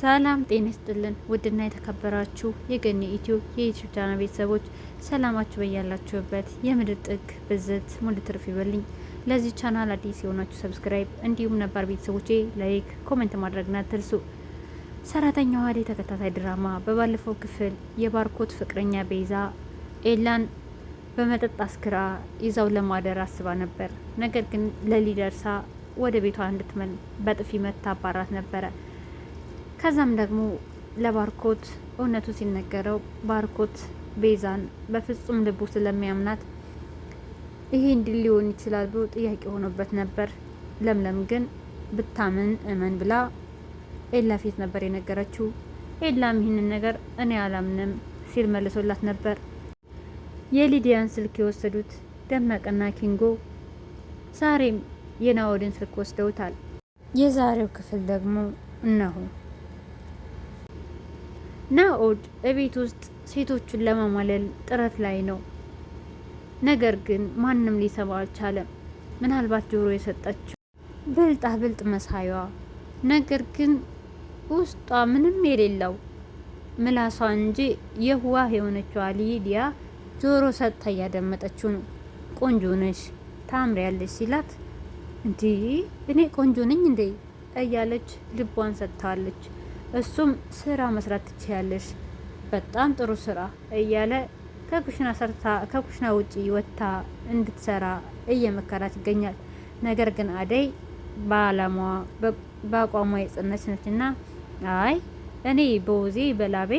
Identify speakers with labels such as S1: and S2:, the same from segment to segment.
S1: ሰላም ጤና ይስጥልን። ውድና የተከበራችሁ የገኒ ኢትዮ የዩቲዩብ ቻናል ቤተሰቦች ሰላማችሁ በያላችሁበት የምድር ጥግ ብዝት ሙሉ ትርፍ ይበልኝ። ለዚህ ቻናል አዲስ የሆናችሁ ሰብስክራይብ፣ እንዲሁም ነባር ቤተሰቦቼ ላይክ፣ ኮሜንት ማድረግና ትልሱ። ሰራተኛዋ አደይ ተከታታይ ድራማ በባለፈው ክፍል የባርኮት ፍቅረኛ ቤዛ ኤላን በመጠጥ አስክራ ይዛው ለማደር አስባ ነበር። ነገር ግን ለሊደርሳ ወደ ቤቷ እንድትመል በጥፊ መታ አባራት ነበረ ከዛም ደግሞ ለባርኮት እውነቱ ሲነገረው ባርኮት ቤዛን በፍጹም ልቡ ስለሚያምናት ይሄ እንዲህ ሊሆን ይችላል ብሎ ጥያቄ ሆኖበት ነበር። ለምለም ግን ብታምን እመን ብላ ኤላ ፊት ነበር የነገረችው። ኤላም ይህንን ነገር እኔ አላምንም ሲል መልሶላት ነበር። የሊዲያን ስልክ የወሰዱት ደመቀና ኪንጎ ዛሬም የናወድን ስልክ ወስደውታል። የዛሬው ክፍል ደግሞ እነሆ። ናኦድ እቤት ውስጥ ሴቶቹን ለማማለል ጥረት ላይ ነው። ነገር ግን ማንም ሊሰማ አልቻለም። ምናልባት ጆሮ የሰጠችው ብልጣ ብልጥ መሳዩዋ፣ ነገር ግን ውስጧ ምንም የሌለው ምላሷ እንጂ የዋህ የሆነችዋ ሊዲያ ጆሮ ሰጥታ እያደመጠችው ነው። ቆንጆ ነሽ፣ ያለች ሲላት እንዲህ እኔ ቆንጆ ነኝ እንዴ እያለች ልቧን ሰጥታለች። እሱም ስራ መስራት ትችያለሽ፣ በጣም ጥሩ ስራ እያለ ከኩሽና ሰርታ ከኩሽና ውጪ ወጥታ እንድትሰራ እየመከራት ይገኛል። ነገር ግን አደይ በአላማዋ በአቋሟ የጸናች ነችና አይ እኔ በውዜ በላቤ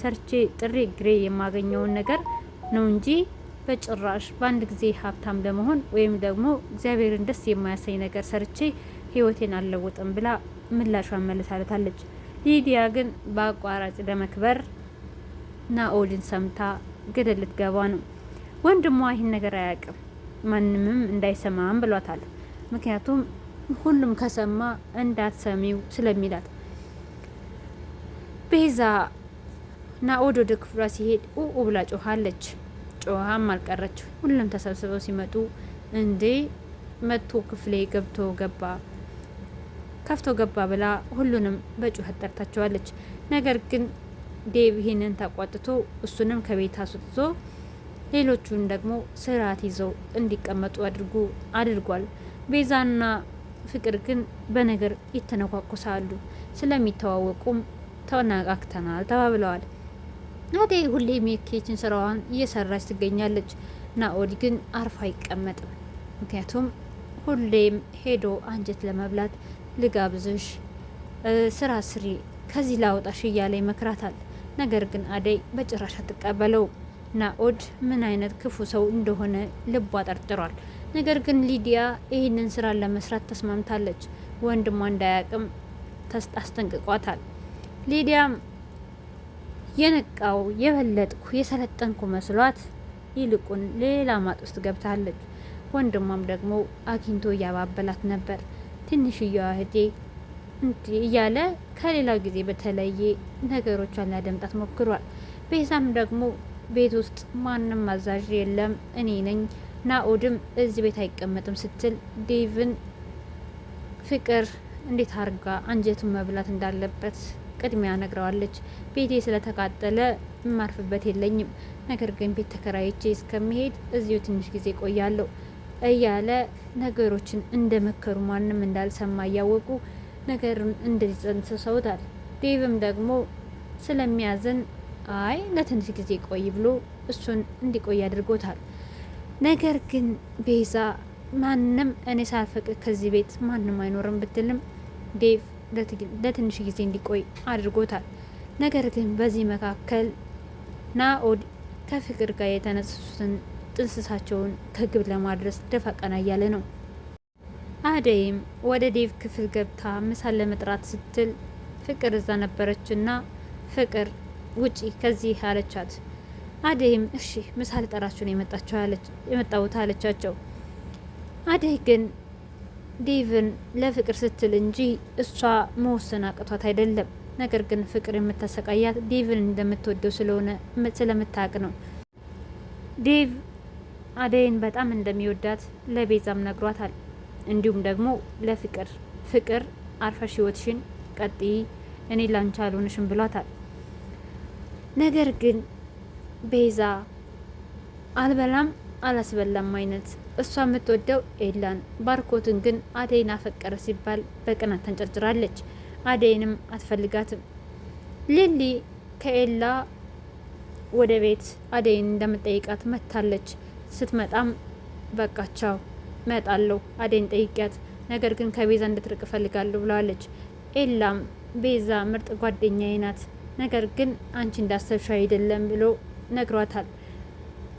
S1: ሰርቼ ጥሬ ግሬ የማገኘውን ነገር ነው እንጂ በጭራሽ በአንድ ጊዜ ሀብታም ለመሆን ወይም ደግሞ እግዚአብሔርን ደስ የማያሰኝ ነገር ሰርቼ ህይወቴን አልለውጥም ብላ ምላሿን መልሳለታለች። ሊዲያ ግን በአቋራጭ ለመክበር ናኦልን ሰምታ ገደል ልትገባ ነው። ወንድሟ ይህን ነገር አያውቅም፣ ማንምም እንዳይሰማም ብሏታል። ምክንያቱም ሁሉም ከሰማ እንዳትሰሚው ስለሚላት ቤዛ ናኦድ ወደ ክፍሏ ሲሄድ ኡኡ ብላ ጮኋለች። ጮሃም አልቀረች። ሁሉም ተሰብስበው ሲመጡ እንዴ መጥቶ ክፍሌ ገብቶ ገባ ከፍቶ ገባ ብላ ሁሉንም በጩኸት ጠርታቸዋለች። ነገር ግን ዴቭ ይህንን ተቋጥቶ እሱንም ከቤት አስወጥቶ ሌሎቹን ደግሞ ስርዓት ይዘው እንዲቀመጡ አድርጉ አድርጓል። ቤዛና ፍቅር ግን በነገር ይተነኳኩሳሉ። ስለሚተዋወቁም ተነቃቅተናል ተባብለዋል። አደይ ሁሌም የኬችን ስራዋን እየሰራች ትገኛለች። ናኦል ግን አርፎ አይቀመጥም። ምክንያቱም ሁሌም ሄዶ አንጀት ለመብላት ልጋብዝሽ፣ ስራ ስሪ፣ ከዚህ ላውጣሽ እያለ ይመክራታል። ነገር ግን አደይ በጭራሽ አትቀበለው። ናኦድ ምን አይነት ክፉ ሰው እንደሆነ ልቧ ጠርጥሯል። ነገር ግን ሊዲያ ይህንን ስራ ለመስራት ተስማምታለች። ወንድሟ እንዳያቅም አስጠንቅቋታል። ሊዲያም የነቃው የበለጥኩ የሰለጠንኩ መስሏት ይልቁን ሌላ ማጥ ውስጥ ገብታለች። ወንድሟም ደግሞ አግኝቶ እያባበላት ነበር። ትንሽዬዋ እህቴ እያለ ከሌላው ጊዜ በተለየ ነገሮቿን ሊያደምጣት ሞክሯል። ቤዛም ደግሞ ቤት ውስጥ ማንም አዛዥ የለም እኔ ነኝ፣ ናኦድም እዚህ ቤት አይቀመጥም ስትል ዴቭን ፍቅር እንዴት አርጋ አንጀቱን መብላት እንዳለበት ቅድሚያ ነግረዋለች። ቤቴ ስለተቃጠለ የማርፍበት የለኝም፣ ነገር ግን ቤት ተከራይቼ እስከሚሄድ እዚሁ ትንሽ ጊዜ ቆያለሁ። እያለ ነገሮችን እንደመከሩ ማንም እንዳልሰማ እያወቁ ነገሩን እንዲጸንስሰውታል። ዴቭም ደግሞ ስለሚያዝን አይ ለትንሽ ጊዜ ቆይ ብሎ እሱን እንዲቆይ አድርጎታል። ነገር ግን ቤዛ ማንም እኔ ሳልፈቅድ ከዚህ ቤት ማንም አይኖርም ብትልም ዴቭ ለትንሽ ጊዜ እንዲቆይ አድርጎታል። ነገር ግን በዚህ መካከል ናኦድ ከፍቅር ጋር የተነሱትን ጥንስሳቸውን ከግብ ለማድረስ ደፋቀና እያለ ነው። አደይም ወደ ዴቭ ክፍል ገብታ ምሳን ለመጥራት ስትል ፍቅር እዛ ነበረች ፍቅር ውጪ ከዚህ አለቻት። አደይም እሺ ምሳ ልጠራችሁ ነው የመጣሁት አለቻቸው። አደይ ግን ዴቭን ለፍቅር ስትል እንጂ እሷ መወሰን አቅቷት አይደለም። ነገር ግን ፍቅር የምታሰቃያት ዴቭን እንደምትወደው ስለሆነ ስለምታውቅ ነው። ዴቭ አደይን በጣም እንደሚወዳት ለቤዛም ነግሯታል። እንዲሁም ደግሞ ለፍቅር ፍቅር አርፈሽ ህይወትሽን ቀጥይ፣ እኔ ላንቺ አልሆንሽም ብሏታል። ነገር ግን ቤዛ አልበላም አላስበላም አይነት እሷ የምትወደው ኤላን ባርኮትን ግን አደይን አፈቀረ ሲባል በቅናት ተንጨርጭራለች። አደይንም አትፈልጋትም። ሊሊ ከኤላ ወደ ቤት አደይን እንደምጠይቃት መታለች። ስትመጣም በቃቸው መጣለሁ አደይን ጠይቂያት፣ ነገር ግን ከቤዛ እንድትርቅ እፈልጋለሁ ብለዋለች። ኤላም ቤዛ ምርጥ ጓደኛዬ ናት፣ ነገር ግን አንቺ እንዳሰብሽ አይደለም ብሎ ነግሯታል።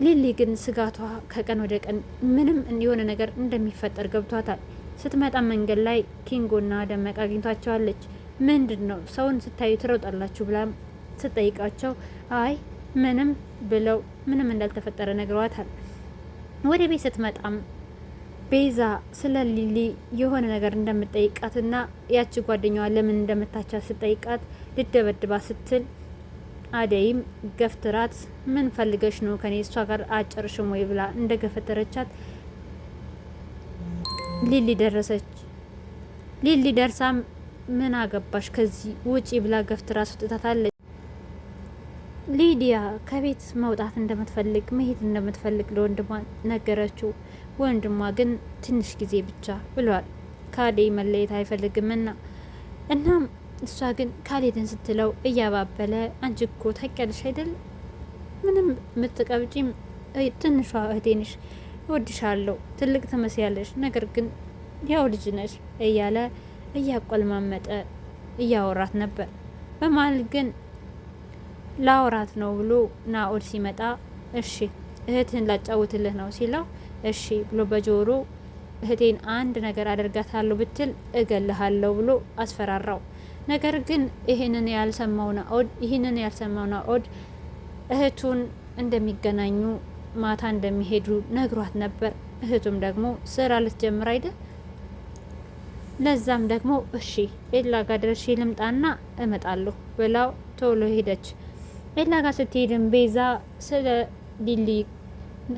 S1: ሊሊ ግን ስጋቷ ከቀን ወደ ቀን ምንም የሆነ ነገር እንደሚፈጠር ገብቷታል። ስትመጣ መንገድ ላይ ኪንጎና ደመቅ አግኝቷቸዋለች። ምንድን ነው ሰውን ስታዩ ትሮጣላችሁ ብላም ስትጠይቃቸው አይ ምንም ብለው ምንም እንዳልተፈጠረ ነግሯታል። ወደ ቤት ስትመጣም ቤዛ ስለ ሊሊ የሆነ ነገር እንደምትጠይቃትና ያቺ ጓደኛዋ ለምን እንደምታቻ ስትጠይቃት ልደበድባ ስትል አደይም ገፍትራት ምን ፈልገሽ ነው ከኔ እሷ ጋር አጨርሽም ወይ ብላ እንደ ገፈተረቻት ሊሊ ደረሰች። ሊሊ ደርሳም ምን አገባሽ ከዚህ ውጪ ብላ ገፍትራት ወጥታታለች። ሊዲያ ከቤት መውጣት እንደምትፈልግ መሄድ እንደምትፈልግ ለወንድሟ ነገረችው። ወንድሟ ግን ትንሽ ጊዜ ብቻ ብሏል፣ ካሌይ መለየት አይፈልግምና። እናም እሷ ግን ካሌድን ስትለው እያባበለ አንቺ እኮ ታውቂያለሽ አይደል? ምንም የምትቀብጪም ትንሿ እህቴ ነሽ፣ እወድሻለሁ፣ ትልቅ ትመስያለሽ፣ ነገር ግን ያው ልጅ ነሽ እያለ እያቆልማመጠ እያወራት ነበር። በመሀል ግን ላውራት ነው ብሎ ናኦል ሲመጣ እሺ እህትህን ላጫውትልህ ነው ሲለው እሺ ብሎ በጆሮ እህቴን አንድ ነገር አደርጋታለሁ ብትል እገልሃለሁ ብሎ አስፈራራው። ነገር ግን ይህንን ያልሰማው ናኦድ ይህንን ያልሰማው ናኦድ እህቱን እንደሚገናኙ ማታ እንደሚሄዱ ነግሯት ነበር። እህቱም ደግሞ ስራ ልትጀምር አይደል? ለዛም ደግሞ እሺ ኤላ ጋ ደርሼ ልምጣና እመጣለሁ ብላው ቶሎ ሄደች። ኤላ ጋር ስትሄድም ቤዛ ስለ ሊሊ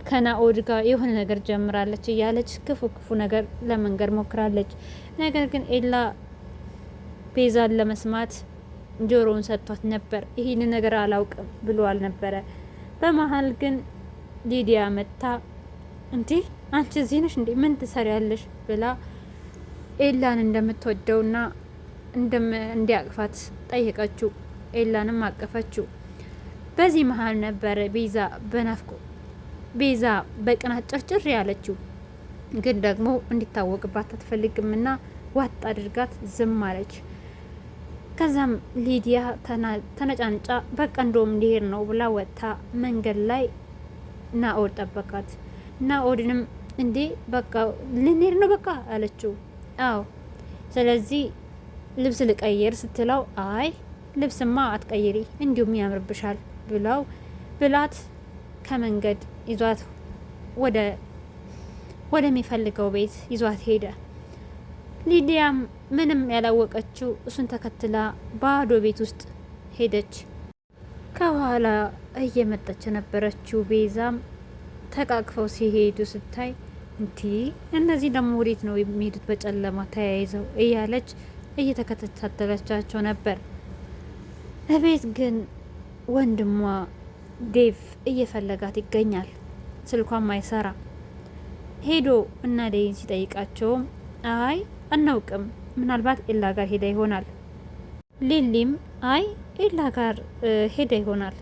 S1: ከናኦድ ጋር የሆነ ነገር ጀምራለች እያለች ክፉ ክፉ ነገር ለመንገር ሞክራለች። ነገር ግን ኤላ ቤዛን ለመስማት ጆሮውን ሰጥቷት ነበር። ይህን ነገር አላውቅም ብሎ አልነበረ። በመሀል ግን ሊዲያ መጥታ እንዲህ አንቺ እዚህ ነሽ እንዴ? ምን ትሰሪያለሽ? ብላ ኤላን እንደምትወደውና እንደም እንዲያቅፋት ጠየቀችው። ኤላንም አቀፈችው። በዚህ መሀል ነበረ ቤዛ በናፍቆ ቤዛ በቅናት ጭርጭር ያለችው፣ ግን ደግሞ እንዲታወቅባት አትፈልግምና ዋጥ አድርጋት ዝም አለች። ከዛም ሊዲያ ተነጫንጫ በቃ እንደውም ሊሄድ ነው ብላ ወጥታ መንገድ ላይ ናኦድ ጠበቃት። ናኦድንም እንዴ በቃ ልንሄድ ነው በቃ አለችው። አዎ ስለዚህ ልብስ ልቀይር ስትለው አይ ልብስማ አትቀይሪ እንዲሁም ያምርብሻል ብለው ብላት ከመንገድ ይዟት ወደ ወደሚፈልገው ቤት ይዟት ሄደ። ሊዲያም ምንም ያላወቀችው እሱን ተከትላ ባዶ ቤት ውስጥ ሄደች። ከኋላ እየመጣች የነበረችው ቤዛም ተቃቅፈው ሲሄዱ ስታይ እንቲ እነዚህ ደግሞ ወዴት ነው የሚሄዱት በጨለማ ተያይዘው እያለች እየተከታተለቻቸው ነበር። እቤት ግን ወንድሟ ዴቭ እየፈለጋት ይገኛል። ስልኳም አይሰራ ሄዶ እና ደይን ሲጠይቃቸውም አይ አናውቅም፣ ምናልባት ኤላ ጋር ሄዳ ይሆናል። ሊሊም አይ ኤላ ጋር ሄዳ ይሆናል፣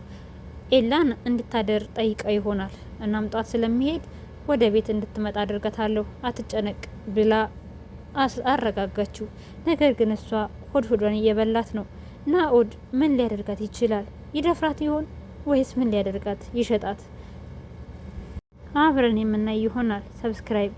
S1: ኤላን እንድታደር ጠይቃ ይሆናል። እናም ጧት ስለሚሄድ ወደ ቤት እንድትመጣ አድርጋታለሁ፣ አትጨነቅ ብላ አረጋጋችው። ነገር ግን እሷ ሆድ ሆዷን እየበላት ነው። ናኦድ ምን ሊያደርጋት ይችላል? ይደፍራት ይሆን ወይስ ምን ሊያደርጋት ይሸጣት? አብረን የምናይ ይሆናል። ሰብስክራይብ